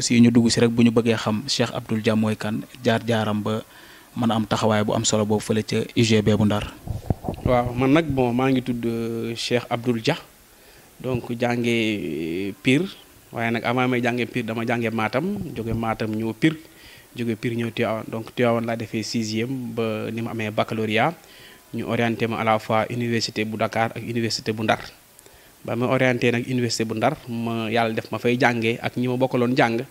aussi ñu dugg si rek bu ñu bëggee xam Cheikh Abdoul Dia mooy kan jaar-jaaram ba mën am taxawaay bu am solo boobu fële ca UGB bu Ndar. waaw man nag bon maa ngi tudd euh, Cheikh Abdoul Dia donc jàngee euh, Pire waaye nag avant may jàngee Pire dama jàngee Matam jóge Matam ñëw Pire jóge Pire ñëw Tivaouane donc Tivaouane laa defee sixième ba ni ma amee baccalauréat ñu orienté ma à la fois université bu Dakar ak université bu Ndar. ba ma orienté nak université bu ndar ma yalla def ma fay jangé ak ñima ma jang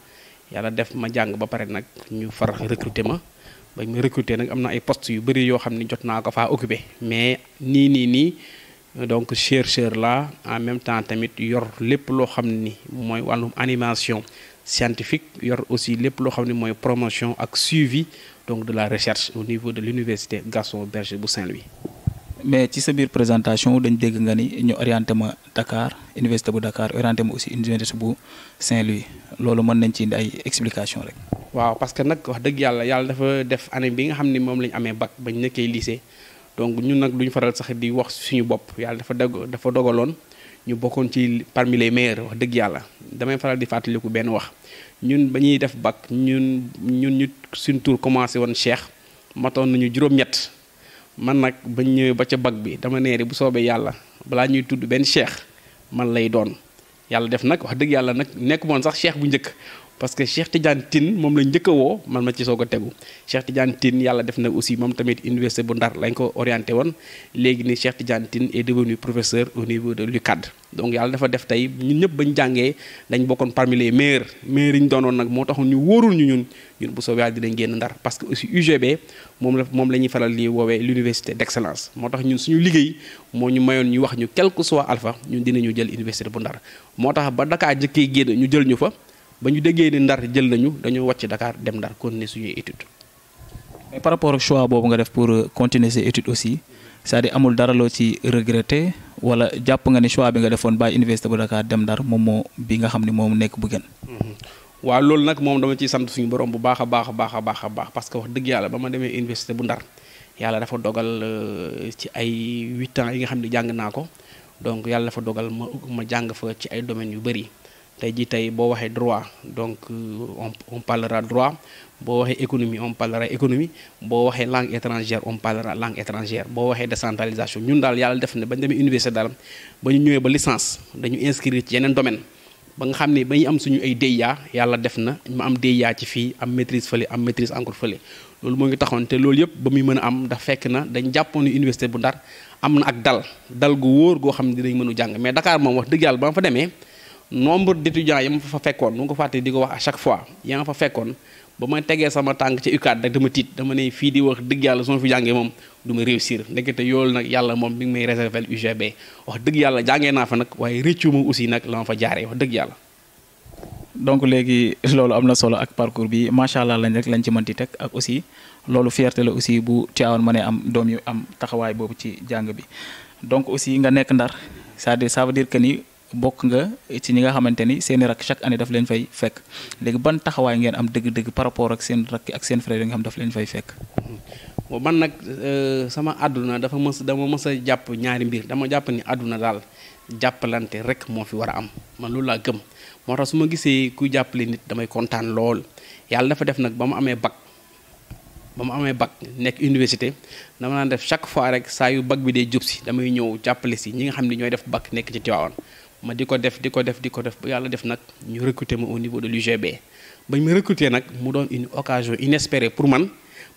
yalla def ma jang ba paré nak ñu far recrutement, ba ma recruter nak amna na ay poste yu bari yo xamni jot naa ko faa occupé mais ni ni ni donc chercheur là, en même temps tamit yor lepp lo xamni moy walum animation scientifique yor aussi lepp lo xamni moy promotion ak suivi donc de la recherche au niveau de l'université Gaston Berger bu Saint-Louis mais ci sa biir présentation dañ dégg nga ni ñu orienté ma Dakar université bu dakaar orienté ma aussi université bu Saint-Louis loolu mën nañ ci ay explication rek. waaw parce que nag wax dëgg yàlla yàlla dafa def année bi nga xam ni moom la amee bag ba ñu nekkee lycée donc ñun nag duñu faral sax di wax suñu bopp yàlla dafa dog dafa dogaloon ñu bokkoon ci parmi les meilleurs wax dëgg yàlla damay faral di fàttaliku benn wax ñun ba ñuy def bac ñun ñun ñu suñu tour commencé woon Cheikh matoon nañu juróom man nag bañ ñëwee ba ca bag bi dama neeri bu soobee yàlla balaa ñuy tudd benn cheikh man lay doon yàlla def nag wax dëgg yàlla nag nekk moon sax cheikh bu njëkk parce que Cheikh Tidiane tin mom la ñëk wo man ma ci soga teggu Cheikh Tidiane tin yalla def na aussi mom tamit université bu Ndar lañ ko orienté won légui ni Cheikh Tidiane tin est devenu professeur au niveau de l'UCAD donc yalla dafa def tay ñun ñëpp bañ jàngee dañ bokkon parmi les meilleurs meilleurs yi ñu doonoon nag mo taxoon ñu wóorul ñu ñun ñun bu soobee yàlla dinañ Ndar parce que aussi UGB mom la mom lañuy faral li wowe l'université d'excellence moo tax ñun suñu liggéey mo ñu mayon ñu wax ñu quelque soit alpha ñun dinañu jël université bu Ndar moo tax ba Dakar jëkke génn ñu jël ñu fa ba ñu dëggee ne ndar jël nañu dañoo wàcc dakaar dem ndar continuer suñuy étude. mais par rapport ak choix boobu nga def pour euh, continuer ses études aussi cest à amul dara loo ci regretter wala jàpp nga ne choix bi nga defoon bàyyi université bu Dakar dem ndar moom moo bi nga xam ne moom nekk bu gën. Mm-hmm. waaw loolu nag moom dama ciy sant suñu borom bu baax a baax baax a baax baax parce que wax dëgg yàlla ba ma demee université bu ndar yàlla dafa dogal euh, ci ay huit ans yi nga xam ne jàng naa ko donc yàlla dafa dogal ma ma jàng fa ci ay domaines yu bëri. tey jii tey boo waxee droit donc euh, on on parlera droit boo waxee économie on parlera économie boo waxee langue étrangère on parlera langue étrangère boo waxee décentralisation ñun daal yàlla def na bañ demee université daal ba ñu ñëwee ba licence dañu inscrire ci yeneen domaine ba nga xam ne ba ñu am suñu ay DEA yàlla def na ma am DEA ci fii am maîtrise fële am maîtrise encore fële loolu moo ngi taxoon te loolu yëpp ba muy mën a am da fekk na dañ jàppoon université bu Ndar am na ak dal dal gu wóor goo xam ne dinañ mën a mais Dakar moom wax dëgg yàlla ba ma nombre d'étudiants yi ma fa fekkoon nu ko fàtte di ko wax à chaque fois yi ma fa fekkoon ba ma tegee sama tànk ci UCAD dama tiit dama ne fii di wax dëgg yàlla su ma fi jàngee moom du ma réussir ndekete yoolu nag yàlla moom mi ngi may réserver UGB wax dëgg yàlla jàngee naa fa nag waaye rëccu ma aussi nag la ma fa jaaree wax dëgg yàlla. donc léegi loolu am na solo ak parcours bi macha allah lañ rek lañ ci mënti teg ak aussi loolu fierté la aussi bu Tivaouane mënee am doom yu am taxawaay boobu ci jàng bi bok nga ci ñi nga xamante seen rak chaque année daf leen fay fekk léegi ban taxawaay ngeen am dëgg-dëgg par rapport ak seen rak ak seen frère nga xam daf leen fay fekk man nag euh, sama aduna dafa mës dama mës a nyari ñaari mbir dama jàpp ni àdduna daal jàppalante rek moo fi war am man loolu laa gëm moo tax su ma gisee ku jàppale nit damay kontaan lool yàlla dafa def nag ba mu amee bac ba mu amee bac nekk université dama naan def chaque fois rek saa yu bac bi si damay ñëw jàppale si ñi nga xam ne def bac nekk ci ma di def di def di def ba yàlla def nak ñu recruter ma au niveau de l'UGB bañ ma recruter nak mu doon une occasion inespérée pour man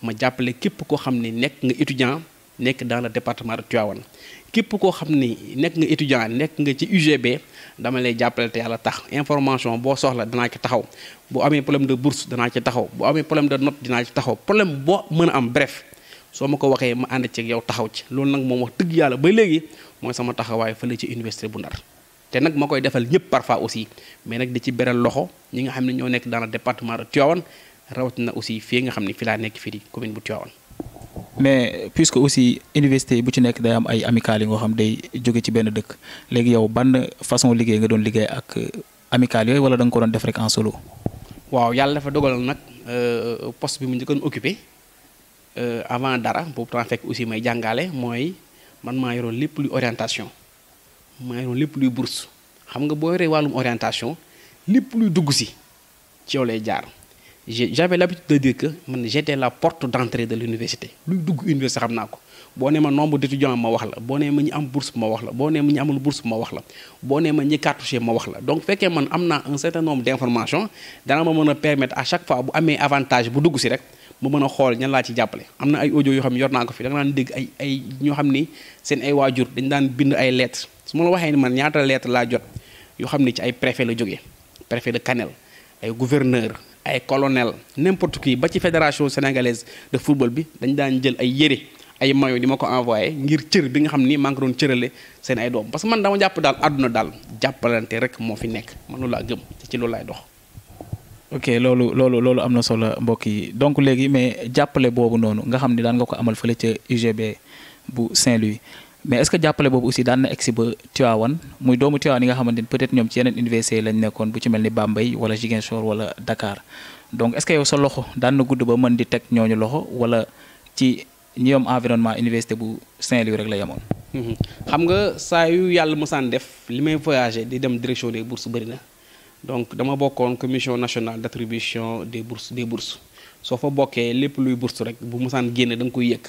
ma jappelé képp ko xam nek nga étudiant nek dans le département de Tivaouane képp ko xam nek nga étudiant nek nga ci UGB dama lay jàppale te yalla tax information bo soxla dana ci taxaw bu amé problème de bourse dana ci taxaw bu amé problème de note dina ci taxaw problème bo mëna am bref so mako waxé ma and ci yow taxaw ci lool nak mom wax dëgg yalla ba légui moy sama taxawaay fële ci université bu Ndar te nag ma koy defal ñëpp parfois aussi mais nag di ci beral loxo ñi nga xam ne ñoo nekk dans le département de Tivaouane rawatina aussi fii nga xam ne fi laa nekk fii di commune bu Tivaouane. mais puisque aussi université bu ci nekk day am ay amicales yi nga xam day jóge ci benn dëkk léegi yow ban façon liggéey nga doon liggéey ak amicales yooyu wala danga ko doon def rek en solo. waaw yàlla dafa dogal nag euh, poste bi mu njëkkoon occupé euh, avant dara boobu temps fekk aussi may jàngale mooy man maa yoroon lépp lu orientation. maa ngi lépp luy bourse xam nga boo yoree wàllum orientation lépp luy dugg si ci yow lay jaar j'avais l'habitude de dire que man j'étais la porte d'entrée de l'université luy dugg université xam naa ko boo nee ma nombre d'étudiants ma wax la boo nee ma ñi am bourse ma wax la boo nee ma ñi amul bourse ma wax la boo nee ma ñi cartouché ma wax la donc fekkee man am naa un certain nombre d'informations dana ma mën a permettre à chaque fois bu amee avantage bu dugg si rek mu mën a xool ñan laa ci jàppale am na ay audio yoo xam ne yor naa ko fi da nga daan dégg ay ay ñoo xam ni seen ay waajur dañ daan bind ay lettres su ma la waxee ni man ñaata lettre laa jot yoo xam ni ci ay préfet la jóge préfet de Kanel ay gouverneur ay colonel n'importe qui ba ci fédération sénégalaise de football bi dañ daan jël ay yére ay mayo di ma ko envoyé ngir cër bi nga xam ni maa ngi doon cërale seen ay doom parce que man dama jàpp daal àdduna daal jàppalante rek moo fi nekk man loolu laa gëm ci loolu lay dox. ok loolu loolu loolu am na solo mbokk yi donc léegi mais jàppale boobu noonu nga xam ni daan nga ko amal fële ca UGB bu Saint-Louis. mais est-ce que jàppale boobu aussi daan na egsi ba Tivaouane muy doomu Tivaouane yi nga xamante ni peut-être ñoom ci yeneen université yi lañ nekkoon bu ci mel ni Bambey wala Ziguinchor wala Dakar donc est-ce que yow sa loxo daan na gudd ba man di teg ñooñu loxo wala ci ñoom environnement université bu Saint-Louis rek la yemoon. Mhm. xam nga saa yàlla mosaan def li may voyager di dem direction de bourses bëri na donc dama bokkoon commission nationale d'attribution des bourses des bourses soo fa bokkee lépp luy bourse rek bu mosaan génne da nga koy yëkk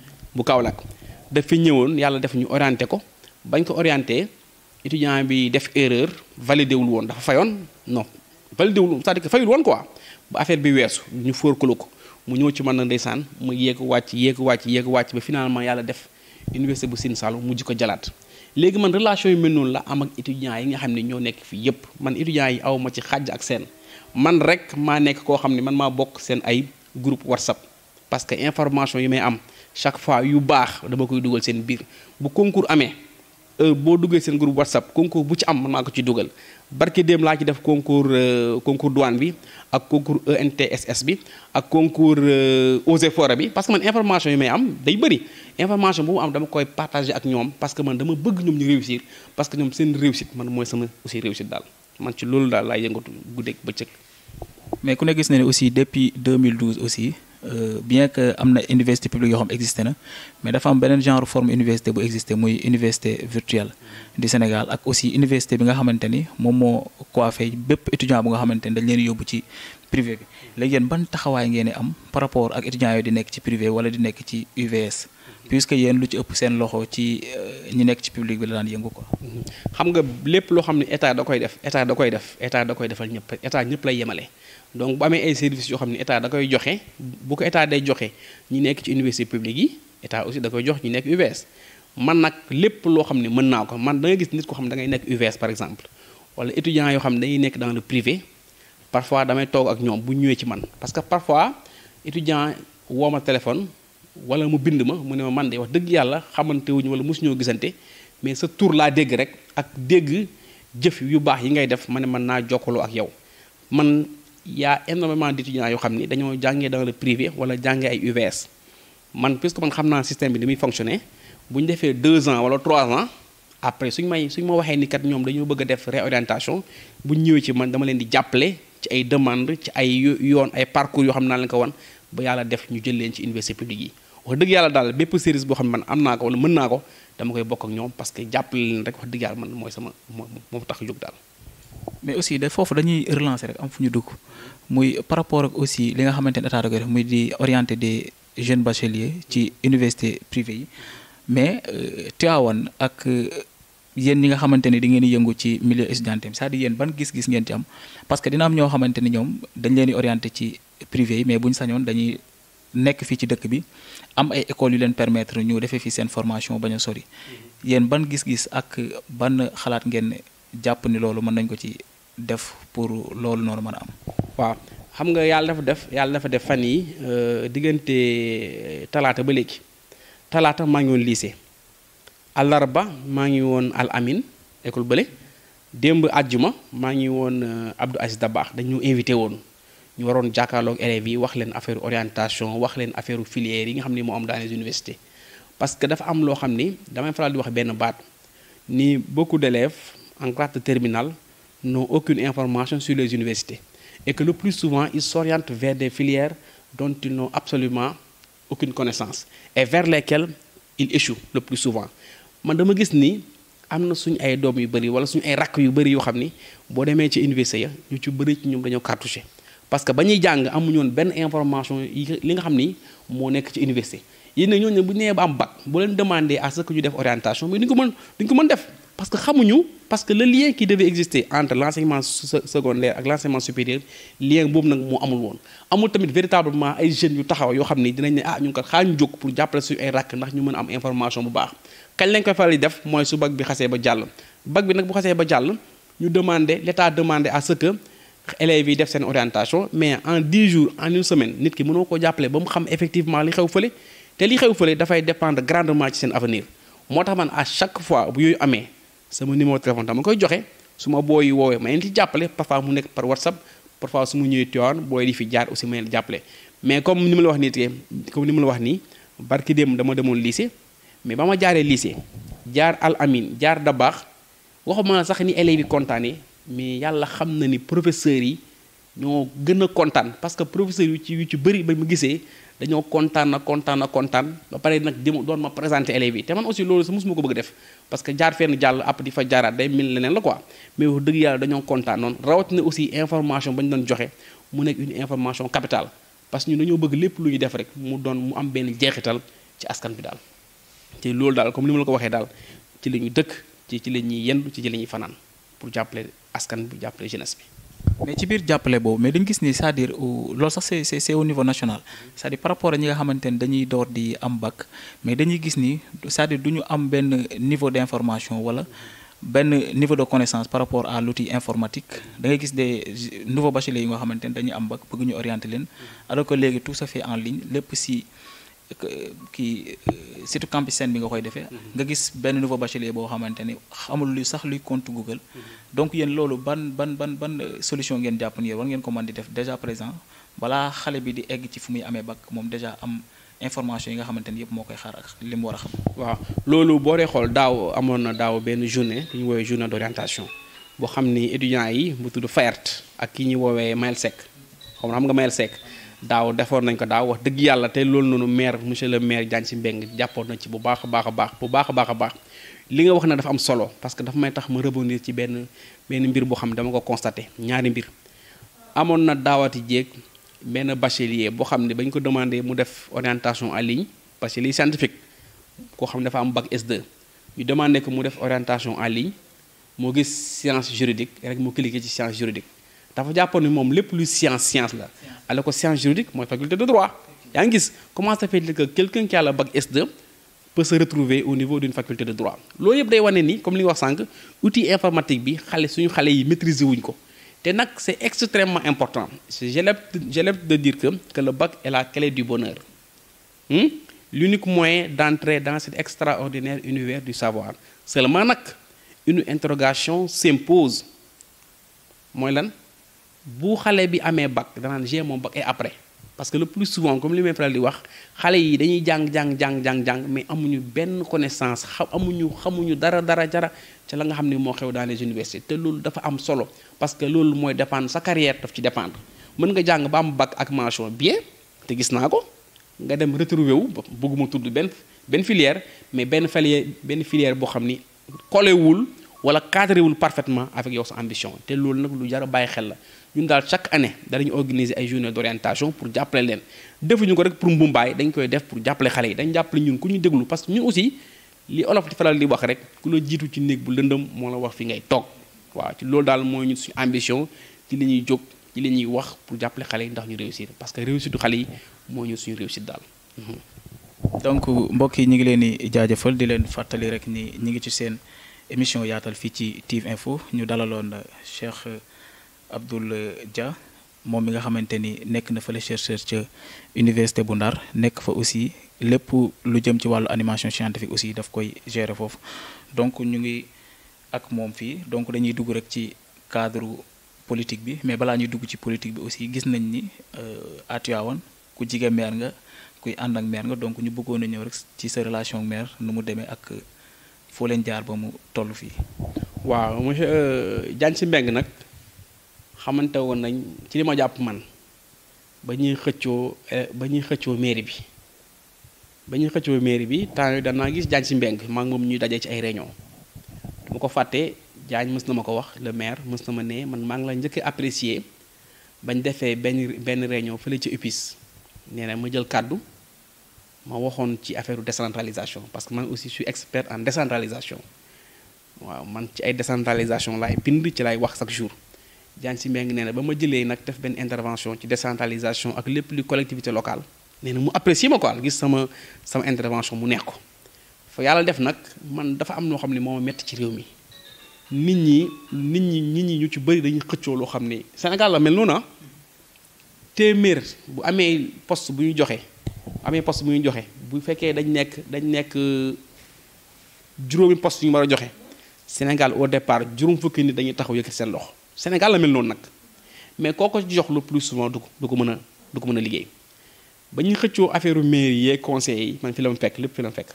bu kaw Kaolack daf fi ñëwoon yàlla def ñu orienté ko bañ ko orienté étudiant bi def erreur validé wul woon dafa fayoon non validé wul c'est-à-dire fayul woon quoi ba affaire bi weesu ñu forklu ko mu ñëw ci man na ndeysaan mu yéeg wàcc yéeg wàcc yéeg wàcc ba finalement yàlla def université bu Sine Saalum mujj ko jalaat léegi man relation yu mel noonu la am ak étudiants yi nga xam ne ñoo nekk fii yépp man étudiants yi aw ma ci xàjj ak seen man rek maa nekk koo xam ne man maa bokk seen ay groupe WhatsApp parce que information yi may am chaque fois yu baax dama koy dugal seen biir bu concours amee euh, boo duggee seen groupe whatsapp concours bu ci am man maa ko ci dugal barke déem laa ci def concours euh, concours douane bi ak concours ENTSS bi ak concours euh, Eaux et Forêts bi parce que man information yi may am day bëri information bu mu am dama koy partager ak ñoom parce que man dama bëgg ñoom ñu réussir parce que ñoom seen réussite man mooy sama aussi réussite daal man ci loolu daal laay yëngatu guddeeg bëccëg mais ku ne gis na ne aussi depuis 2012 aussi Euh, bien que am na université publique yoo xam existé na mais dafa am beneen genre forme université bu existé muy université virtuelle du Sénégal ak aussi université bi nga xamante ni moom moo coiffé bépp étudiant bu nga xamante ni dañ leen yóbbu ci privé bi léegi yéen ban taxawaay ngeen di am par rapport ak étudiants yooyu di nekk ci privé wala di nekk ci UVS puisque yéen lu ci ëpp seen loxo ci euh, ñi nekk ci public bi la daan yëngu ko mm-hmm. xam nga lépp loo xam ne état da koy def état da koy def état da koy defal ñëpp état ñëpp lay yemale donc bu amee ay yoo xam ne état da koy joxe ko état day joxe ñi nekk ci université publique yi état jox ñi nekk UVS man nag lépp loo xam ne mën naa ko man da nga gis nit ko xam da ngay nekk UVS par exemple wala étudiants yoo xam ne nekk dans le privé parfois damay toog ak ñoom bu ñëwee ci man parce que parfois étudiant woo ma téléphone wala mu bind ma mu ne ma man de wax dëgg yàlla xamante wuñu wala mosuñoo gisante mais sa tur laa dégg rek ak dégg jëf yu baax yi ngay def ma ne mën naa jokkaloo ak yow man yaa y'a énormément d'étudiants yoo xam ni dañoo jàngee dans le privé wala jàngee ay UVS man puisque man xam naa système bi ni muy fonctionner bu ñu defee deux ans wala trois ans après suñ may suñu ma waxee ni ñoom dañoo bëgg a def réorientation bu ñëwee ci man dama leen di jàppale ci ay demande ci ay yoon ay parcours yoo xam naa leen ko wan ba yàlla def ñu jël leen ci université publique yi wax dëgg yàlla daal bépp service boo xam ne man am naa ko wala mën naa ko dama koy bokk ak ñoom parce que jàppale leen rek wax dëgg yàlla man mooy sama moom tax jóg daal mais aussi da foofu dañuy relancer rek am fu ñu dugg muy par rapport ak aussi li nga xamante ne état da koy def muy di orienter des jeunes bacheliers ci université privée yi mais euh, Tivaouane ak euh, yéen ñi nga xamante ni di ngeen di yëngu ci milieu étudiant mi c'est-à-dire ban gis-gis ngeen ci am parce que dina am ñoo xamante ni ñoom dañ leen di orienté ci privé yi mais bu ñu sañoon dañuy nekk fii ci dëkk bi am ay écoles yu leen permettre ñu defee fii seen formation bañ a sori mm-hmm. yéen ban gis-gis ak ban xalaat ngeen jàpp ni loolu mën nañ ko ci def pour loolu noonu mën a am. waaw xam nga yàlla dafa def yàlla dafa def fan yi euh, diggante euh, talaata ba léegi talaata maa ngi woon lycée à larba ngi won Al Amin école bële démb àjjuma maa ngi euh, Abdou Aziz Dabakh dañu invité won ñu waron jàkkaarloog élèves yi wax leen affaire orientation wax leen affaire filière yi nga xamni mo dans les universités parce que dafa am lo xamni ni faral di wax ben baat beaucoup d'élèves en classe de terminale n'ont aucune information sur les universités et que le plus souvent ils s'orientent vers des filières dont ils n'ont absolument aucune connaissance et vers lesquelles ils échouent le plus souvent man dama gis ni am na suñ ay doom yu bëri wala suñ ay rakk yu bëri yoo xam ni boo demee ci université ya ñu ci bëri ci ñoom dañoo cartouché parce que ba ñuy jàng amuñu woon benn information yi li nga xam ni moo nekk ci université yéen nag ñooñu bu ñu nee ba am bac boo leen demandé à ce que ñu def orientation mais duñ ko mën duñ ko mën def parce que xamuñu parce que le lien qui devait exister entre l' enseignement secondaire ak l' enseignement supérieur lien boobu nag moo amul woon amul tamit véritablement ay jeunes yu taxaw yoo xam ni dinañ ne ah, ñu ngi kat xaar pour jàppale suñu ay rakk ñu mën am information bu baax kañ lañ ko faral di def mooy su bac bi xasee ba jàll bag bi nag bu xasee ba jàll ñu demander l' état demandé à ce que élèves yi def seen orientation mais en 10 jours en une semaine nit ki mënoo ko jàppale ba mu xam effectivement li xew fële te li xew fële dafay dépendre grandement ci seen avenir moo tax man à chaque fois bu yooyu amee sama numéro téléphone dama koy joxe su ma booy woowee ma leen ci jàppale parfois mu nekk par whatsapp parfois su ma ñëwee Tivaouane booy di fi jaar aussi ma leen jàppale mais comme ni ma la wax nii comme ni ma la wax nii barki démb dama demoon lycée mais ba ma jaaree lycée jaar al amin jaar da baax waxuma sax ni élèves bi kontaanee mais yàlla xam na ni professeurs yi ñoo gën a kontaan parce que professeur yu ci yu ci bëri ba mu gisee dañoo kontaan na kontaan na kontaan ba pare nag dem doon ma présenter élèves yi te man aussi loolu sa mosuma ko bëgg def parce que jaar fenn jàll app di fa jaaraat day mel leneen la quoi mais wax dëgg yàlla dañoo kontaan noonu rawatina aussi information bañ doon joxe mu nekk une information capitale parce que ñu dañoo bëgg lépp lu ñu def rek mu doon mu am benn jeexital ci askan bi daal. ci loolu daal comme ni ma la ko waxee daal ci la ñu dëkk ci ci la ñuy yendu ci ci la ñuy fanaan pour jàppale askan bi jàppale jeunesse bi. mais ci biir jàppale boobu mais dañu gis ni c'est-à-dire euh, loolu national c'est-à-dire par rapport ak ñi nga dañuy am bac mais dañuy gis ni c'est-à-dire du ñu am benn niveau d'information wala benn niveau de connaissance par rapport à l'outil informatique da ngay gis des nouveaux bacheliers yi nga xamante ni dañuy am bac bëgguñu ñu leen alors que léegi tout ça fait en ligne lépp si. kii euh, surtout campus seen bi nga koy defee. Mhm. nga gis benn nouveau bachelier boo xamante ni xamul lu sax luy compte Google. Mhm. donc yéen loolu ban ban ban ban euh, solution ngeen jàpp ni war ngeen ko man di def déjà présent balaa xale bi di egg ci fu muy amee bac moom déjà am information yi nga xamante ni yëpp moo koy xaar ak li mu war a xam. waaw loolu boo dee xool daaw amoon na daaw benn journée li ñu woowee journée d'orientation boo xam ni étudiants yi mu tudd FAERT ak ki ñuy woowee Mayel Seck xam nga Mayel Seck. daaw defoon nañ ko daaw wax dëgg yàlla te loolu noonu maire monsieur le maire Diagne Sy Mbengue jàppoon na ci bu baax a baax a baax bu baax a baax baax li nga wax na dafa am solo parce que dafa may tax ma rebondir ci benn benn mbir boo xam ne dama ko constaté ñaari mbir amoon na daawati jéeg benn bachelier boo xam ne bañ ko demandé mu def orientation en ligne bachelier scientifique koo xam ne dafa am bac s ñu demandé ko mu def orientation en ligne moo gis science juridique rek mu cliqué ci science juridique dafa dire ni moom le plus science science là. alors que science juridique la faculté de droit yaa gis comment ça fait que quelqu'un qui a le bac S2 peut se retrouver au niveau d'une faculté de droit Ce que day wane ni comme li wax outil informatique bi faut suñu yi maîtriser ko c'est extrêmement important J'ai le de dire que que le bac est la clé du bonheur Hmm? l'unique moyen d'entrer dans cet extraordinaire univers du savoir seulement une interrogation s'impose Moi lan bu xalé bi amé bac da nan j'ai mon bac et après parce que le plus souvent comme li may faral di wax xalé yi dañuy jang jang jang jang jang mais amuñu ben connaissance xam amuñu xamuñu dara dara dara ci la nga xamni mo xew dans les universités té lool dafa am solo parce que lool moy dépendre sa carrière daf ci dépendre mën nga jang ba am bac ak mention bien té gis nako nga dem retrouver wu bëgguma tudd ben ben filière mais ben filière ben filière bo xamni collé wul wala cadré wul parfaitement avec yow sa ambition té lool nak lu jara a xel la ñun daal chaque année danañu organiser ay journée d' orientation pour jàppale leen defuñu ko rek pour mbumbaay dañ koy def pour jàppale xale yi dañ jàppale ñun ku ñu déglu parce que ñun aussi li olof di faral di wax rek ku la jiitu ci néeg bu lëndëm moo la wax fi ngay toog waaw ci loolu daal mooy ñu suñu ambition ci li ñuy jóg ci li ñuy wax pour jàppale xale yi ndax ñu réussir parce que réussite xale yi moo ñu suñu réussite daal. Mhm. donc mbokk yi ñu ngi leen di jaajëfal di leen fàttali rek ni ñu ngi ci seen émission yaatal fii ci TIV info ñu dalaloon Cheikh. Abdoul Dia moom mi nga xamante ni nekk na fa la chercheur ca université bu Ndar nekk fa aussi lépp lu jëm ci wàllu animation scientifique aussi daf koy gérer foofu donc ñu ngi ak moom fii donc dañuy dugg rek ci cadre politique bi mais balaa ñuy dugg ci politique bi aussi gis nañ ni euh, à Tivaouane ku jige maire nga kuy ànd ak maire nga donc ñu bëggoon a ñëw rek ci sa relation ak nu mu demee ak foo leen jaar ba mu toll fii. waaw monsieur euh, Diagne Sy nag. xamante woon nañ ci li ma jàpp man ba ñuy xëccoo eh, ba ñuy xëccoo mairie bi ba ñuy xëccoo mairie bi temps yooyu danaa gis jaañ si mbeng maa moom ñuy dajee ci ay réunion dama ko fàttee jaañ mës na ma ko wax le maire mës na ma ne man maa ngi la njëkkee apprécier bañ defee benn benn réunion fële ci UPIS nee ma jël kàddu ma waxoon ci affaire décentralisation parce que man aussi je suis expert en décentralisation waaw man ci ay décentralisation laay bind ci laay wax chaque jour jaan si mbeng nee na ba ma jëlee nag def ben intervention ci décentralisation ak lepp li collectivité locale nee mu apprécier ma quoi gis sama sama intervention mu neex ko fa yalla def nak man dafa am lo xamni ne metti ci réew mi nit ñi nit ñi nit ñi ñu ci bëri dañuy xëccoo lo xamni Sénégal la mel noonu ah téeméer bu amé poste bu ñu joxé amé poste bu ñu joxé bu féké dañ nekk dañ nekk juróomi poste ñu mara joxé Sénégal au départ juroom fukki nit dañuy taxaw yëkkati sen loxo. Sénégal la mel noonu nag mais koo ko jox le plus souvent du ko du ko mën a du ko mën a liggéey ba ñu xëccoo affaire mairie yeeg conseil yi man fi la ma fekk lépp fi la ma fekk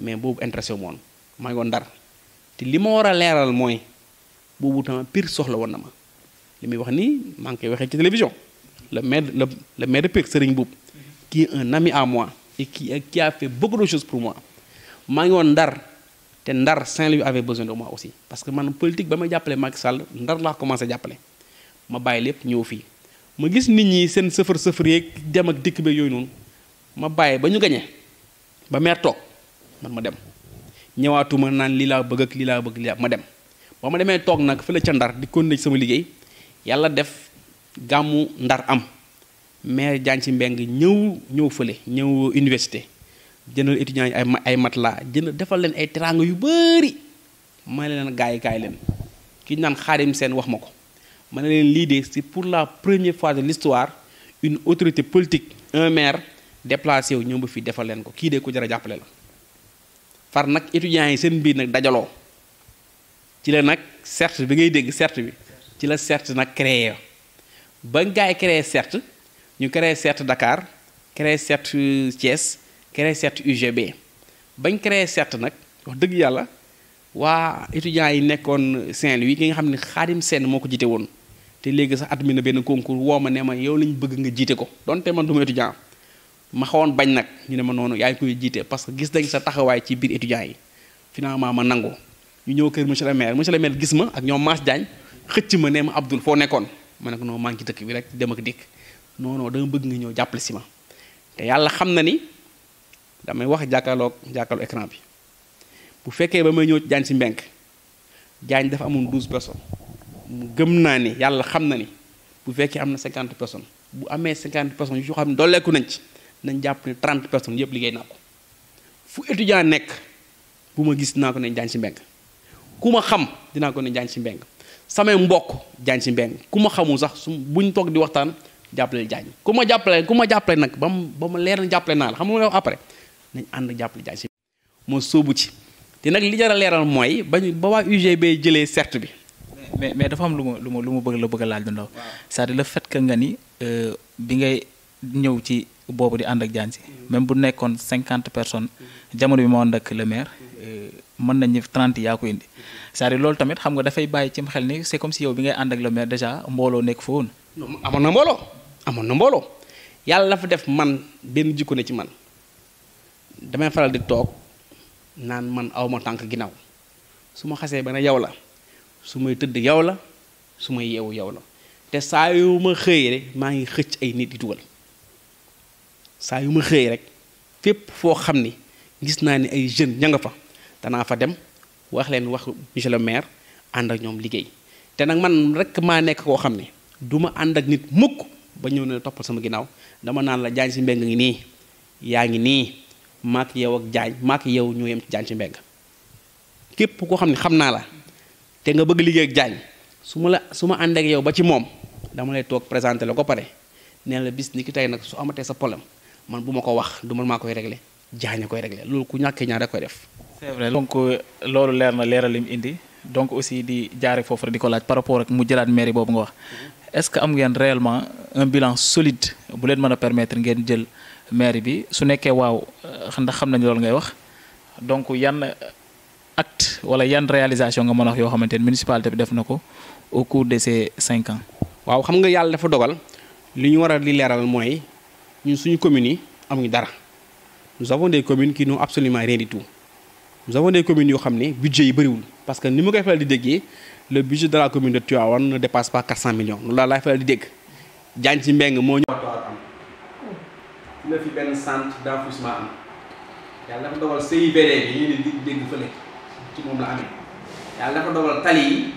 mais boobu intéressé wu ma ngi woon ndar te li ma war a leeral mooy boobu temps Pire soxla woon na ma li muy wax ni maa ngi koy waxee ci télévision le maire le le maire de Pire Serigne Boub qui est un ami à moi et qui qui a fait beaucoup de choses pour moi maa ngi woon ndar. té ndar Saint-Louis avait besoin de moi aussi parce que man politique ba ma jàppale Macky Sall ndar la commencé jappelé ma bay lepp ñew fi ma gis nit ñi seen sëfër sëfër yeeg dem ak dik beeg yoy non ma bay ba gagné ba meer tok man ma dem ñewatuma nan lila bëgg ak lila bëgg lila ma dem ba ma tok nak nag fële ca ndar di konné sama liggéey yalla def gamu ndar am mère jaan ci mbeng ñew ñew fele ñew université jëndal étudiants yi ay ay matelas jënd defal leen ay teraanga yu bëri ma ne leen gaay kaay leen ki naan Xaadim Seen wax ma ko ma ne leen lii de c'est pour la première fois de l'histoire une autorité politique un maire déplacé wu ñëw ba fii defal leen ko kii de ko jar a jàppale la far nag étudiants yi seen biir nag dajaloo ci la nag certe bi ngay dégg certe bi ci la certe nag créé ba gaay créé certe ñu créé certe Dakar créé certe Thiès créé cert UGB bañ créé cert nag wax dëgg yàlla waa étudiants yi nekkoon Saint-Louis ki nga xam ne Xaadim Seen moo ko jiite woon te léegi sax admis na benn concours woo ma ne ma yow lañ bëgg nga jiite ko donte man du ma étudiant ma xawoon bañ nag ñu ne ma noonu yaa ngi koy jiite parce que gis nañ sa taxawaay ci biir étudiants yi finalement ma nangu ñu ñëw kër monsieur le maire monsieur le maire gis ma ak ñoom Mass Diagne xëcc ma ne ma Abdoul foo nekkoon ma nekk ko non ci dëkk bi rek dem ak dikk non non bëgg nga ñëw jàppale si ma te yàlla xam na damay wax jàkkaarloog jàkkaarlu écran bi bu fekkee ba may ñëw jaañ si mbenk jaañ dafa amoon 12 personnes mu gëm naa ni yàlla xam na ni bu fekkee am na cinquante personnes bu amee 50 personnes yu xam ne dooleeku nañ ci nañ jàpp ne 30 personnes yëpp liggéey naa ko fu étudiant nekk bu ma gis dinaa ko ne jaañ si mbenk ku ma xam dinaa ko ne jaañ si mbenk samay mbokk jaañ si mbenk ku ma xamul sax su buñ toog di waxtaan jàppale jaañ ku ma jàppale ku ma jàppale nag ba mu leer na jàppale naa la xam nga après nañ ànd jàppale jaay moo sóobu ci te nag li jar leeral mooy bañ ba waa UGB jëlee certe bi. mais mais dafa am lu ma lu ma lu ma bëgg la bëgg a laaj lu ndaw c'est-à-dire nga ni euh, bi ngay ñëw ci boobu di ànd ak jaan si même bu nekkoon cinquante personnes jamono bi ma woon ak le maire euh, mën nañu trente yaa ko indi cest à loolu tamit xam nga dafay bàyyi cim xel ni c'est comme si yow bi ngay ànd ak le déjà mbooloo nekk fa woon amoon na mbooloo amoon na mbooloo yàlla dafa def man benn jikko ne ci man damay faral di toog naan man awma tànk ginnaaw su ma xasee ba ne yow la su may tëdd yow la su may yeewu yow la te saa yu ma xëy rek maa ngi xëcc ay nit di dugal saa yu ma xëy rek fépp foo xam ni gis naa ni ay jeune ña nga fa danaa fa dem wax leen wax monsieur le maire ànd ak ñoom liggéey te nag man rek maa nekk koo xam ne du ma ànd ak nit mukk ba ñëw ne toppal sama ginnaaw dama naan la jaañ si mbeng ngi nii yaa ngi Mak yow ak jaay mak yow ñu yem jaan ci mbegg kep koo xamni xamna la te nga bëgg liggéey ak jaay suma la suma ma ak yow ba ci mom dama lay tok présenter lako paré pare la bis ni ki nak su amaté sa problème man buma ko wax du man maa koy réglé jaañ koy réglé lool ku ñaké ñaan da koy def. c'est vrai donc euh, loolu leer na lim indi donc aussi di jaaré fofu di ko laaj par rapport ak mu jëlat mairie bobu nga wax est ce que am ngeen réellement un bilan solide bu leen mëna permettre ngeen jël maire bi su nekkee waw euh, ndax xam nañ loolu ngay wax donc yann euh, acte wala yann réalisation nga mën a wax yoo xamante municipalité bi def na au cours de ces 5 ans. waw xam nga yalla dafa dogal li ñu wara li léral moy ñun suñu commune yi amuñu dara nous avons des communes qui n'ont absolument rien du tout nous avons des communes yo xamné budget yi bëriwul parce que ni mu koy faal di déggé le budget de la commune de Tivaouane ne dépasse pas 400 millions loolu la laay faal di dégg jaan ci mbeng mo ñu na fi ben centre d'enfouissement am yalla dafa dogal CIVD bi ñu di dégg fële ci mom la amé yalla dafa dogal tali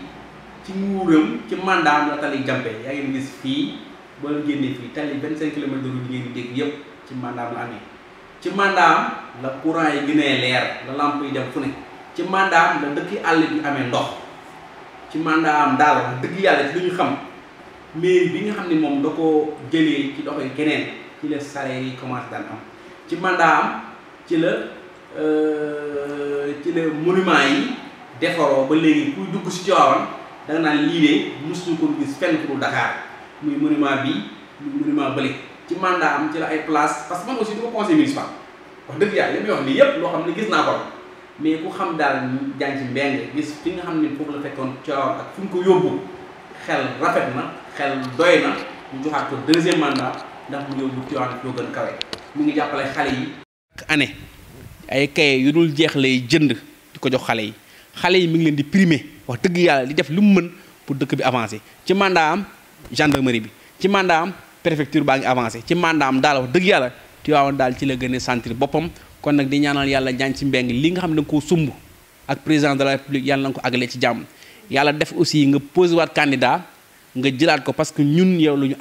ci mouram ci mandaam la tali jàmpe ya ngi gis fi bo leen génnee tali 25 km de route ngeen di dégg yépp ci mandaam la amé ci mandaam la courant yi gëné lèr la lampe yi dem fu ne ci mandaam la yi all bi amé ndox ci mandaam daal dëgg yalla ci luñu xam mais bi nga xamni mom dako da ci doxee keneen ci les salaires yi commencé daan am ci mandat am ci la euh, ci la monument yi defaroo ba léegi kuy dugg si Tivaouane da nga naan lii de mosuñu ko gis fenn ku Dakar muy monument bi muy monument bële ci mandat am ci la ay place parce que man aussi du ma conseil municipal wax dëgg yàlla li muy wax loo xam ne gis naa ko mais ku xam daal jàng ci mbeng gis fi nga xam ne foofu la fekkoon Tivaouane ak fu ñu ko yóbbu xel rafet na xel doy na ñu joxaat ko deuxième mandat ndax mu ñëw ñu Tiwaawan ñoo gën kawe mi ngi jàppale xale yi. année ay kaye yu dul jeex lay jënd di ko jox xale yi xale yi mi ngi leen di primer wax dëgg yàlla di def lu mu mën pour dëkk bi avancer ci mandat am gendarmerie bi ci mandat am préfecture baa ngi avancé ci mandat am daal wax dëgg yàlla Tiwaawan daal ci la gën sentir boppam kon di ñaanal ci mbeng li nga xam ak président de la république yàlla na ko ci def aussi nga posé waat candidat nga jëlaat ko parce que ñun yow lu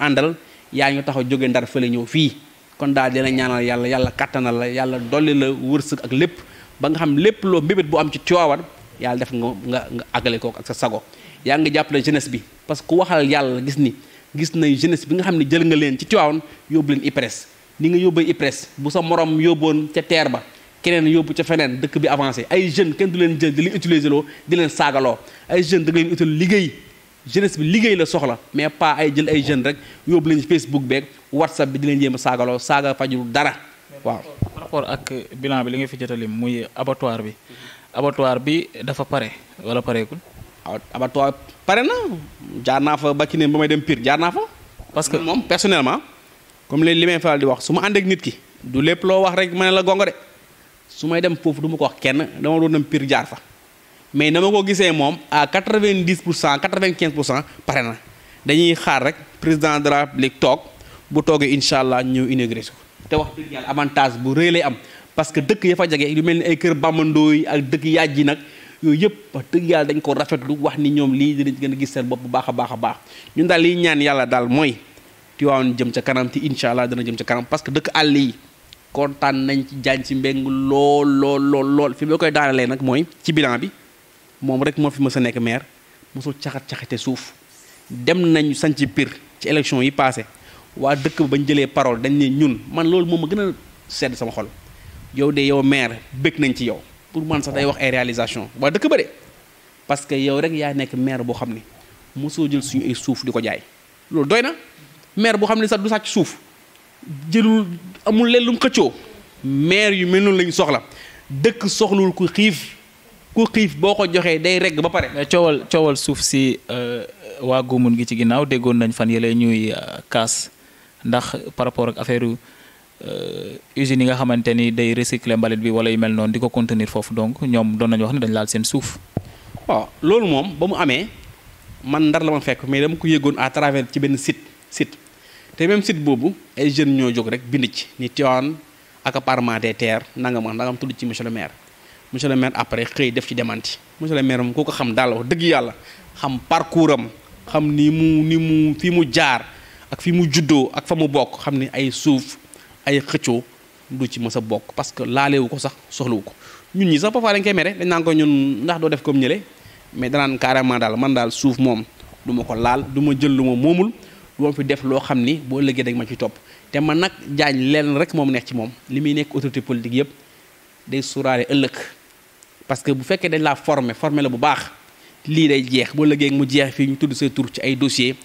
yaa ñu tax a jóge ndar fële ñëw fii kon daal dina ñaanal yàlla yàlla kattanal la yàlla dolli la wërsëg ak lépp ba nga xam lépp loo mbébét bu am ci Tiwaawan yàlla def nga nga nga àggale ko ak sa sago yaa ngi jàppale jeunesse bi parce que ku waxal yàlla gis ni gis na jeunesse bi nga xam ne jël nga leen ci Tiwaawan yóbbu leen IPRES ni nga yóbbee IPRES bu sa morom yóbboon ca teer ba keneen yóbbu ca feneen dëkk bi avancé ay jeunes kenn du leen jël di leen utiliser di leen saagaloo ay jeunes da nga leen liggéey jeunesse bi liggéey la soxla mais pas ay jël ay jeune rek yob leen Facebook bek WhatsApp bi di leen yema sagalo saga saaga dara waaw. par rapport ak bilan bi li nga fi jotalim muy abattoir bi abattoir bi dafa pare wala kul ah, abattoir pare na jarna fa bakine bamay dem Pire jaar fa. parce que mom personnellement comme les limay faal di wax suma ma ak nit ki du lepp lo wax rek mané ne la gongo de sumay dem fofu duma ko wax kenn dama do dem Pire jaar fa. mais na ma ko gisee moom à quatre vingt dix pour cent quatre vingt quinze pour cent pare na dañuy xaar rek président de la toog bu toogee incha allah ñu inauguré ko te wax dëgg yàlla avantage bu rëy lay am parce que dëkk ya fa jege yu mel ni ay kër bambandoo ak dëkk yaaj nag yooyu yëpp wax dëgg yàlla dañ ko rafetlu wax ni ñoom lii dinañ gën a gis seen bopp bu baax a baax a baax ñu daal liy ñaan yàlla daal mooy Tiwaawan jëm ca kanam ti incha allah dana jëm ca kanam parce que dëkk àll yi kontaan nañ ci jaañ si mbéng lool lool lool lool fi ma koy daanalee nag mooy ci bilan bi moom rek moo fi mës a nekk maire mosul caxat-caxate suuf dem nañu sanc piir ci élection yi passé waa dëkk ba bañ jëlee parole dañ ne ñun man loolu moom ma gën a sedd sama xol yow de yow maire bëgg nañ ci yow pour man sax day wax ay réalisation waa dëkk ba de parce que yow rek yaa nekk maire boo xam ne mosoo jël suñu ay suuf di ko jaay loolu doy na maire boo xam ne sax du sàcc suuf jëlul amul leen lu mu xëccoo maire yu mel noonu la ñu soxla dëkk soxlul ku ku xif boko joxe day reg ba pare. ciowal ciowal suuf si euh, wa gumun gi ci ginaaw degon nañ fan yele ñuy euh, kaas ndax par rapport ak affaire euh, usine yi nga xamanteni day recycler mbalit bi wala yu mel non di ko contenir fofu donc ñom doon nañ wax ni dañ laal seen suuf. wa loolu mom ba mu amé man ndar la ma fekk mais dama ko yëgoon à travers ci ben site site té même site bobu ay jeune ñoo jog rek bind ci ni Tivaouane accaparement des terres nangam nangam tuddu ci monsieur le maire. monsieur le maire après xëy def ci demanti monsieur le maire moom ku ko xam daal wax dëgg yàlla xam parcours am xam ni mu ni mu fi mu jaar ak fi mu juddoo ak fa mu bokk xam ni ay suuf ay xëccoo du ci mës a bokk parce que laalewu ko sax soxlawu ko ñun ñi sax parfois dañ koy mere dañ naan ko ñun ndax doo def comme ñële mais danaan carrément daal man daal suuf moom duma ko laal du ma jël lu ma moomul du fi def loo xam ni boo lëggee dañ ma ci topp te man nag jaañ leen rek moom neex ci moom li muy nekk autorité politique yëpp day suuraale ëllëg parce que bu fekkee dañ laa former former la bu baax lii day jeex boo lëggee mu jeex fii ñu tudd say tur ci ay dossier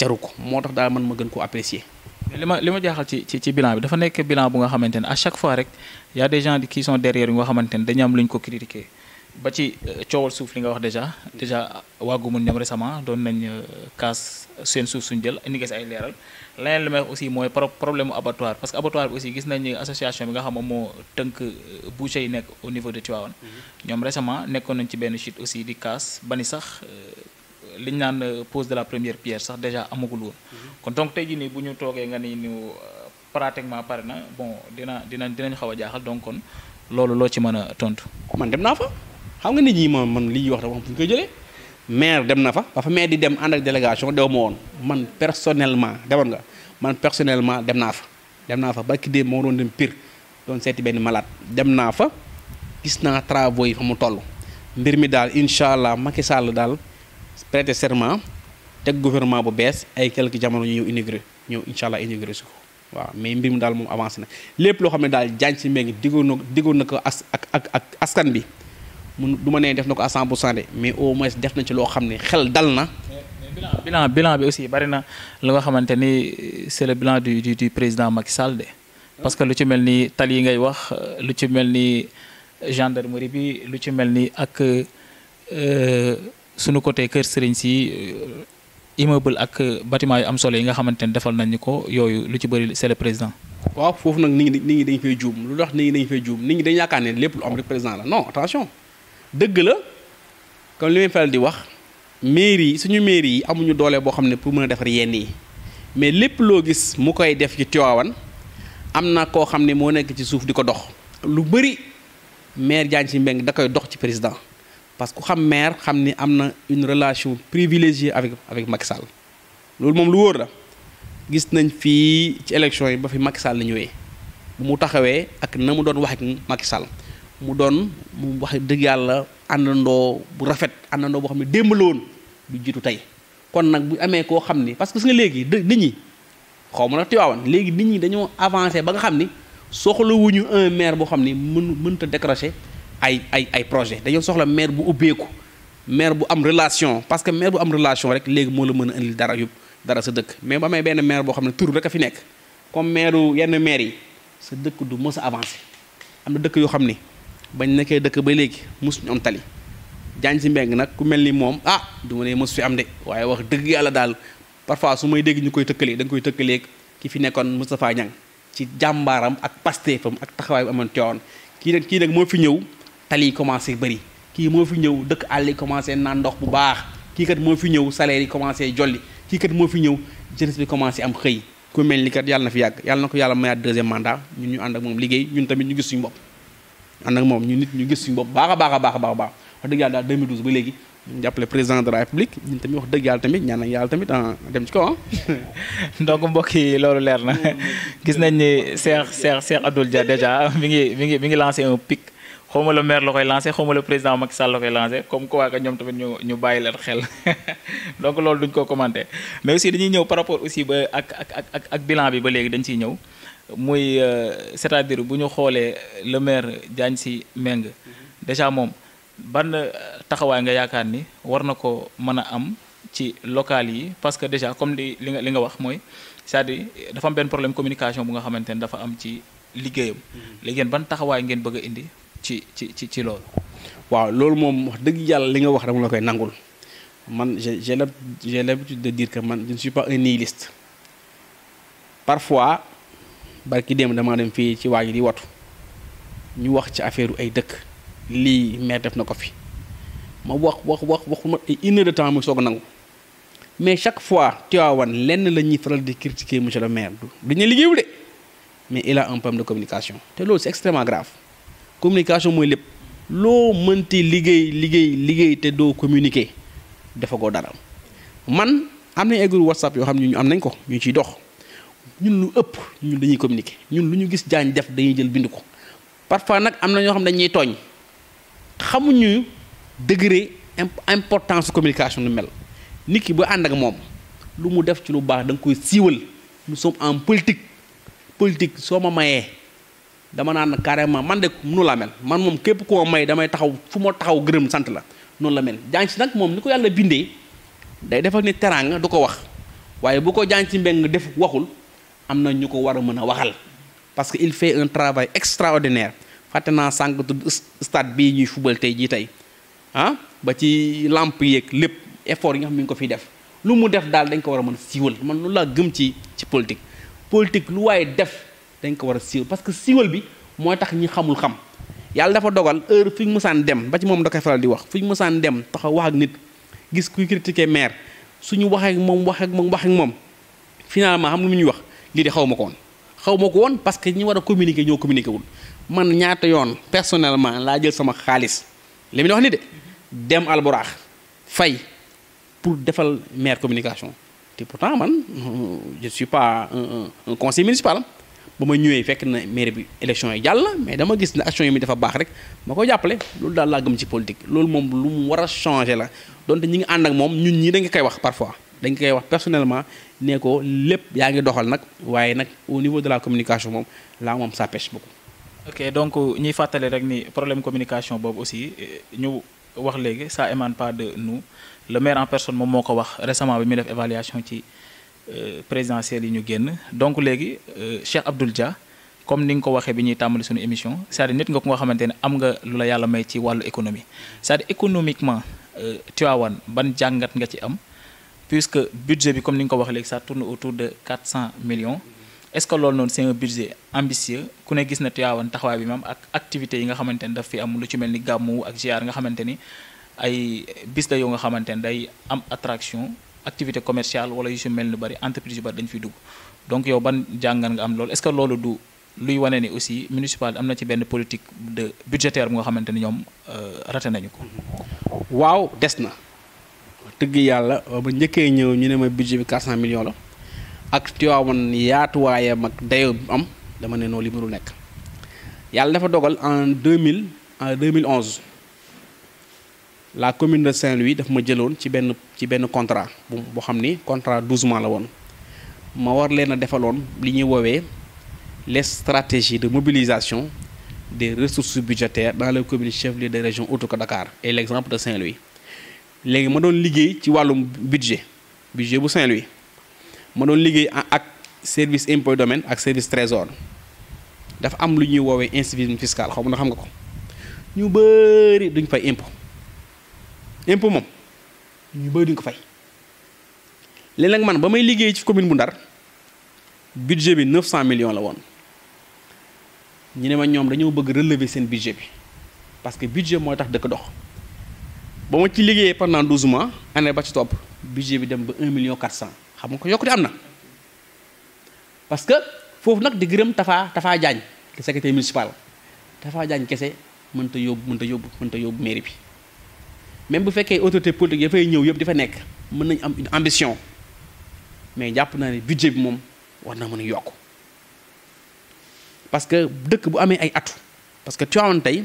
jaru ko moo tax daal man ma gën koo apprécier. li ma li ci ci bilan bi dafa nekk bilan bu nga xamante ne à chaque fois rek y a des gens qui sont derrière yu nga xamante ne dañu am lu ko critiquer ba ci eh, coowal souf li nga wax déjà déjà wagu mun ñoom récemment doon nañ eh, kaas sen souf suñu jël indi si ay leeral leneen le may aussi moy problème abattoir parce que abattoir aussi gis nañ association bi nga xam mo teunk eh, boucher yi nekk au niveau de tiwaone mhm. ñom récemment nekkon nañ ci ben chute aussi di kaas bani sax liñ nane pose de la première pierre sax déjà amagul woon mhm. kon donc tay jii nii bu ñu toogee nga ni ñu pratiquement parna na bon dina dina dinañ xawa jaxal donc kon lolu lo ci mën tontu man dem na fa xam nga nit ñi moom man li wax dafa am fu ñu koy jëlee maire dem na fa ba fa maire di dem and ak délégation dew mo won man personnellement demoon nga man personnellement dem na fa dem na fa ba ki dé mo doon dem pire don seeti ben malade dem na fa gis na travaux yi fa mu tollu mbir mi dal inshallah Macky Sall dal prêter serment té gouvernement bu bess ay quelques jamono ñu ñëw inauguré inshallah incha allah wa mais mbir mi dal moom avancer na lepp lo xamné dal daal ci si digu nak digu nak as ak ak askan bi duma né def na ko à 100 mais au moins def na ci lo xamné xel dal na. bilan bilan bi aussi bari na lu nga xamante c'est le bilan du du du président Macky Sall de. parce que lu ci melni ni tal yi ngay wax lu ci melni gendarmerie bi lu ci melni ak euh sunu côté cœur Serigne si euh, immeuble ak bâtiment yu am solo yi nga xamanteni ni defal nañu ko yoyu lu ci bari c'est le président. waaw foofu nag nit ñi nit ñi dañ fay juum lu wax nit ñi dañ fay juum nit ñi dañ yaakaar ne lépp lu am rek président la non attention deug la comme li may faral di wax mairie suñu mairie yi amuñu doole boo xam ne pour mën a defar yenn yi mais lépp loo gis mu koy def ci Tiwaawan am na koo xam ne moo nekk ci suuf di ko dox. lu bëri maire Diagne ci mbeng da koy dox ci président parce que ku xam maire xam ni am na une relation privilégiée avec avec Macky Sall loolu moom lu wóor la gis nañ fii ci élection yi ba fi Macky Sall la ñëwee bu mu taxawee ak na mu doon wax ak Macky Sall mu doon mu wax deug yalla andando bu rafet andando bo xamni ne démb du jitu tay kon nak bu amé ko xamni parce que gis nga léegi nit ñi xawmu ma la Tiwaawan légui nit ñi dañoo avancer ba nga xamni soxlo wuñu un maire bo xamni ni mën mënta décrocher ay ay ay projet dañoo soxla maire bu ubbeeku maire bu am relation parce que maire bu am relation rek légui mo la mëna andi dara yëpp dara sa dëkk mais ba may ben maire bo xamni ne rek a fi nekk comme maire yenn maire yi sa dëkk du mës avancer amna am na dëkk yoo xam bañ nekkee dëkk ba léegi mosuñu am tali jaañ si mbeng nag ku mel ni moom ah du ma ne mos fi am de waaye wax dëgg yàlla daal parfois su may dégg ñu koy tëkkalee da nga koy tëkkaleeg ki fi nekkoon Moustapha Niang ci jàmbaaram ak pasteefam ak taxawaay bu amoon teewoon kii nag kii nag moo fi ñëw tali yi commencé bëri kii moo fi ñëw dëkk àll yi commencé naan ndox bu baax kii kat moo fi ñëw salaire yi commencé jolli kii kat moo fi ñëw jeunesse bi commencé am xëy ku mel ni kat yàlla na fi yàgg yàlla ko yàlla mayaat deuxième mandat ñun ñu ànd ak moom liggéey ñun tamit ñu gis bopp ànd ak moom ñu nit ñu gis suñu bopp baax a baax a baax a baax wax dëgg yàlla daal 2012 ba léegi ñu jàppale président de la république ñun tamit wax dëgg yàlla tamit ñaan nañ yàlla tamit ah, dem ci kaw ah. donc mbokk yi loolu leer na gis nañ ni Cheikh Cheikh Cheikh Abdoul Dia dèjà mi ngi mi ngi mi ngi lancé un pic xawma le maire la koy lancé xawma le président Macky Sall la koy lancé comme quoi que ñoom tamit ñu ñu bàyyi leen xel donc loolu duñ ko commenté mais aussi dañuy ñëw par rapport aussi ba ak ak ak ak bilan bi ba léegi dañ ciy ñëw moy euh, c'est-à-dire buñu xolé le maire Diagne Meng déjà mom ban euh, taxaway nga yaakaar ni war ko mën am ci local yi parce que déjà comme li nga li nga wax moy c'est-à-dire dafa am ben problème communication bu nga xamantene dafa am ci liggéeyam mm-hmm. léegi ban taxaway ngeen bëgg indi ci ci ci ci loolu waaw loolu moom wax dëgg yàlla li nga wax dama la koy nangul man j'ai j'ai l'habitude de dire que man je ne suis pas un nihiliste parfois barki démb damaa dem fii ci waa ji di watu ñu wax ci affaire ay dëkk lii maire def na ko fi ma wax wax wax waxu ma indi de temps mu soog a nangu mais chaque fois Tivaouane lenn la ñuy faral di critiquer monsieur le maire du dañuy liggéeyu de mais il a un problème de communication te loolu c'est extrêmement grave communication mooy lépp loo mënti liggéey liggéey liggéey te doo communiquer dafa ko dara man am na ay groupe whatsapp yoo xam ne ñu am nañ ko ñu ciy dox. ñun lu ëpp ñun dañuy communiquer ñun lu ñu gis jaañ def dañuy jël bind ko parfois nag am na ñoo xam dañuy tooñ xamuñu degré importance communication lu mel nit ki ba ànd ak moom lu mu def ci lu baax da nga koy siiwal nous sommes en politique politique soo ma mayee dama naan carrément man de mënu laa mel man moom képp koo may damay taxaw fu ma taxaw gërëm sant la noonu la mel jàng si nag moom ni ko yàlla bindee day defal ni teraanga du ko wax waaye bu ko jàng si mbeng def waxul Amna na ñu ko war a waxal parce que il fait un travail extraordinaire Fatena sang tud stade bi ñuy fubal tay ji tay ah ba ci lamp yek lepp effort yi nga xam mi ngi ko fi def lu mu def dal dañ ko wara mëna man lu la gëm ci ci politique politique lu way def dañ ko wara a parce que bi moy tax ñi xamul xam yalla dafa dogal heure fuñu ñu dem ba ci mom da koy faral di wax fuñu ñu dem taxaw wax ak nit gis kuy critiquer maire suñu wax ak mom wax ak mom wax ak mom finalement xam lu ñuy wax ni de xawmako won xawmako won parce que ñi wara communiquer ñoo communiquer wul man ñaata yoon personnellement la jël sama xaliss limi wax ni de dem alburakh fay pour defal maire communication té pourtant man je suis pas un conseiller municipal buma ñëwé fekk na maire bi élection yi jall mais dama gis na action yi mi dafa bax rek mako ko jàppale loolu daal laa gëm ci politique loolu mom lu mu wara changer la donte ñi ngi and ak mom ñun ñii dañ koy wax parfois dañ koy wax personnellement Mais au niveau de la communication ça pêche beaucoup. ok donc rek ni problème communication aussi ñu wax ça émane pas de nous le maire en personne moom moo récemment bi une évaluation euh, présidentielle donc cher euh, Cheikh comme nous avons ko une émission c'est-à-dire nga c'est-à-dire économiquement euh, ban jangat nga am puisque budget bi comme ni nga wax ça tourne autour de 400 millions est-ce que loolu noonu c'est un budget ambitieux ku ne gis na Tivaouane taxawaay bi maam ak activités yi nga xamante ni daf fi am lu ci mel ni gàmmu ak ziar nga xamante des ay bis la yoo nga xamante ni day am attraction activité commerciale wala yu si bari entreprise bari dañu fiy dugg donc yow ban jàngan nga am loolu est-ce que loolu du luy wane ni aussi municipal amna ci ben politique de budgétaire nga xamanteni ñom ñoom euh, raté nañu ko. waaw des na tëgg yalla ba njëkkee ñëw ñu né ma budget bi 400 millions la ak Tiwaawan yaatuwaayam ak dayoo bi am dama né no li mënul nekk yàlla dafa dogal en 2000 en 2011 la commune de Saint-Louis daf ma jëlone ci ben ci ben contrat bu bo xamni contrat 12 mois la won ma war leena defalone li ñi wowe les stratégies de mobilisation des ressources budgétaires dans le communes chef de région auto autres Dakar et l'exemple de Saint-Louis léegi ma doon liggéey ci wàllum budget budget bu Saint-Louis ma doon liggéey ak service impôt domaine ak service trésor dafa am lu ñuy woowee insuffisance fiscale xaw ma xam nga ko ñu bëri duñ fay impôt impôt moom ñu ko fay léegi man ba may liggéey ci commune bu Ndar budget bi 900 million la woon ñu ne ma ñoom dañoo bëgg relever seen budget bi parce que budget mooy tax dëkk dox. ba ma ci liggéeyee pendant 12 mois année ba ci topp budget bi dem ba 1 million 400 xam nga ko yokkute am na parce que fofu nak di gërëm Tafa Tafa jagn le secrétaire municipal Tafa jagn kessé mën ta yob mën ta yob mën ta yob mairie bi même bu féké autorité politique ya fay ñëw yëpp dafa nekk mën nañ am une ambition mais japp na ni budget bi mom war na mën a parce que dëkk bu amé ay atu parce que Tivaouane tey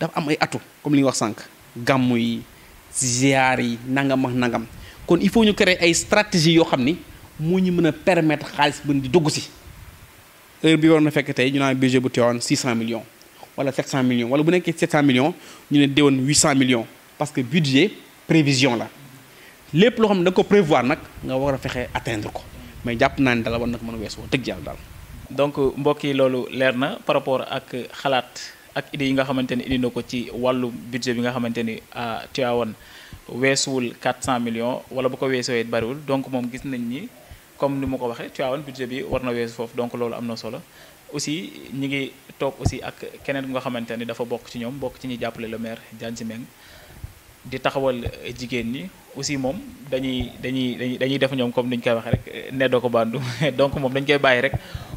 dafa am ay atu comme li wax sank gamuy ziari, nangam ak nangam kon il faut ñu créer ay stratégie yo xamni mo ñu mëna permettre xaalis bu di dugg ci heure bi war na fekk tay ñu na budget bu téwon 600 millions wala 700 millions wala bu nekkee 700 millions ñu né déwon 800 millions parce que budget prévision la lépp lo xam ne da ko prévoir nak nga wara fexé atteindre ko mais japp naa ne dala won nak mëna a weesoo donc mbokk yi loolu par rapport ak xalaat ak idée yi nga xamante ni indi na ko ci wàllu budget bi nga xamante ni Tivaouane weesuwul cent million wala bu ko weesoo it bariwul donc moom gis nañ ni comme ni ma ko waxee Tivaouane budget bi war na weesu foofu donc loolu am na solo aussi ñi ngi toog aussi ak keneen nga xamante ni dafa bokk ci ñoom bokk ci ñi jàppale le maire di taxawal jigéen ñi aussi moom dañuy dañuy dañuy def ñoom comme ni ñu koy waxee rek neddoo ko bandu donc moom dañ koy bàyyi rek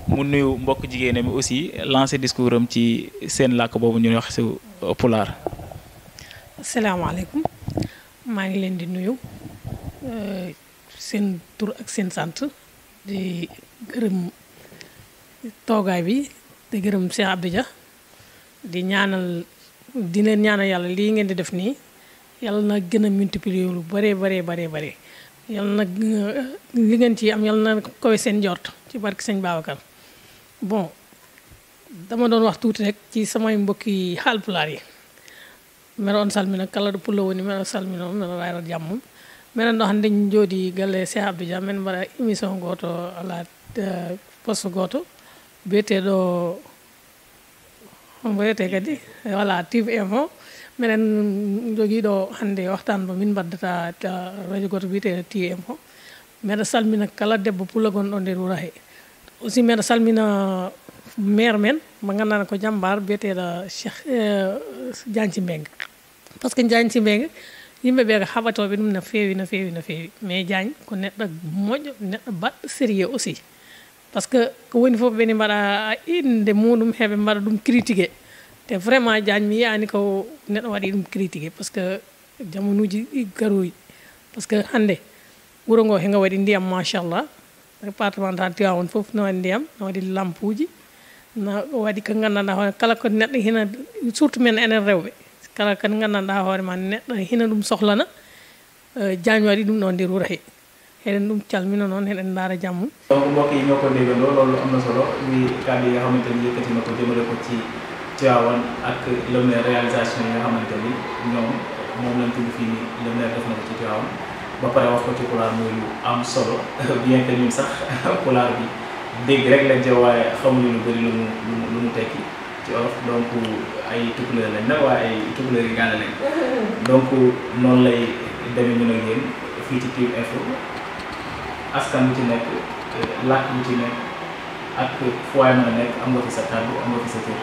mu nuyu mbokk mi aussi lancer discours am ci seen làkk boobu ñu wax si pulaar. asalaamaaleykum maa ngi leen di nuyu euh, seen tur ak seen sant di gërëm toogaay bi di gërëm Cheikh di ñaanal di leen ñaanal yàlla lii ngeen di def nii yàlla na gën multiplier lu bare bare bare bare yàlla na li ngeen ci am yàlla na koy seen jort ci barke sëñ Babacar bon dama doon wax tuuti rek ci samay mbokki haalpulaar yi mbeɗa on salmina kala ɗo pullo woni mbeɗa salmino mbeɗa wayro jammum minen ɗo hannde jooɗi gale cheikh abdou dia min mbaɗa émission gooto ala poste gooto biyeteeɗo omo wiyete kadi voilà tiv info minen jogiiɗo hannde waxtaan ba min ta radio gooto biyeteeɗo tiv info mbeɗa salmina kala debbo pulagon ɗo gon wuro hee usi mer salmina mer men mo nan ko jambar da cheikh eh, janci mbenga parce que janci meng yimbe be xabato bi num na feewi na feewi na feewi mais jagn ko ak moj net bat sérieux aussi parce que ko woni fof beni mara inde muɗum hebe mara dum critiquer te vraiment jagn mi yani ko net wadi dum critiquer parce que jamono ji par parce que hande wuro ngo nga wadi ndiyam machallah départemental Tivaouane fof no waɗi ndiyam no waɗi lampuji no waɗi ko gandanɗa hoore kala ko neɗɗo hina surtout men enen rewɓe kala ko gandanɗa hoore ma neɗɗo hina ɗum sohlana euh, jaaño waɗi ɗum ɗo nder wuuro he eɗen ɗum calmina noon eɗen ndaara jammu donc mbokk yi ñoo ko ndégandoo loolu am na solo muy kàddu yi nga xamante ni yëkkati na ko moom lañ fii ni le maire ci Tivaouane ba pare wax ko ci pulaar muy lu am solo bien que ñun sax pulaar bi dégg rek la ca waaye xamuñu lu bëri lu mu lu mu tekki ci olof donc ay tukulóor lañ na waaye ay donc noonu lay demee fii ci Pire Info askan bi ci nekk làkk bi ci nekk ak fu waay mën am nga fi sa tàggu am nga fi sa tur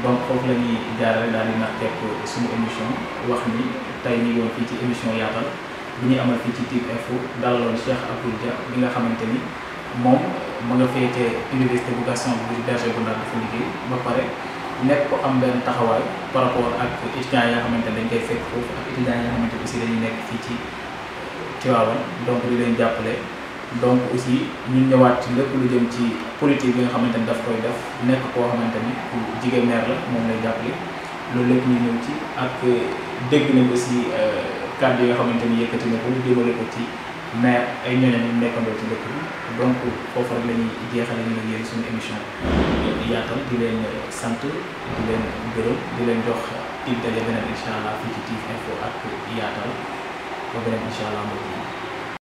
donc foofu la ñuy jaarale tekk suñu émission wax ni tey ñu yoon fii ci émission yaatal bi ñu amal fii ci Tic Info dalaloon Cheikh Abdoul Dia bi nga xamante ni moom mu nga féete université bu Gaston bu Berger bu Ndar dafa liggéey ba pare nekk ko am benn taxawaay par rapport ak étudiants yi xamante ne dañ koy fekk foofu ak étudiants yi xamante aussi dañuy nekk fii ci Tivaouane donc di leen jàppale donc aussi ñu ñëwaat ci lépp lu jëm ci politique yi nga xamante ni daf koy def nekk koo xamante ni ku jigéen meer la moom lay jàppale loolu lépp ñu ñëw ci ak dégg nañ aussi euh, kàddu yoo xamante ni yëkkati na ko ñu jëmale ko ci mais ay ñeneen ñu nekkandoo ci dëkk bi donc foofu rek la ñuy jeexale ñu ne yéen suñu émission yaatal di leen sant di leen gërëm di leen jox dig daje beneen incha allah fii ci ak yaatal ba beneen incha allah mbokk